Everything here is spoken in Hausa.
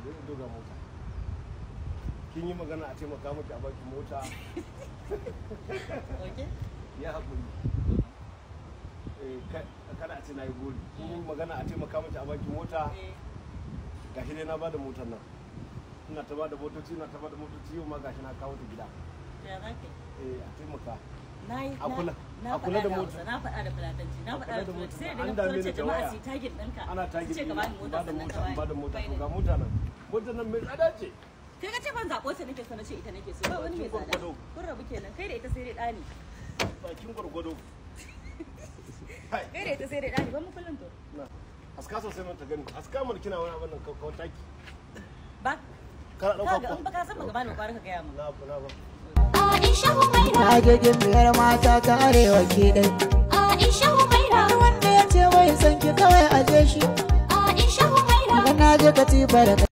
shigo in doga mota kin yi magana a taimaka maki a baki mota ya haƙuri eh, kada a ce na yi gori kin yi magana a taimaka maki a baki mota eh. ga shi dai na bada motar nan ina ta bada motoci ina ta bada motoci yau ma ga shi na kawo ta gida ya zaki eh a taimaka a kula da mota na faɗa da fulatanci na faɗa da mota sai da ga kowace jama'a su tagin ɗinka ana tagin ce ka bani mota sannan ka ba da mota to ga mota nan mota nan mai tsada ce kai ka ce ban zaɓo ta nake na ce ita nake so ba wani mai tsada kun rabu kenan kai da ita sai dai bakin kai da ita sai dai ɗani ban mu to sosai mun ta gani haska mun kina wani abin nan kawai taki ba ka ɗauka ka san ba ka gaya mun na ba na ba Aisha Humaira Na ga gimbiyar mata ta arewa ke dai Aisha Humaira Wanda ya ce wai san ki kawai aje shi Aisha Humaira Na je katifa da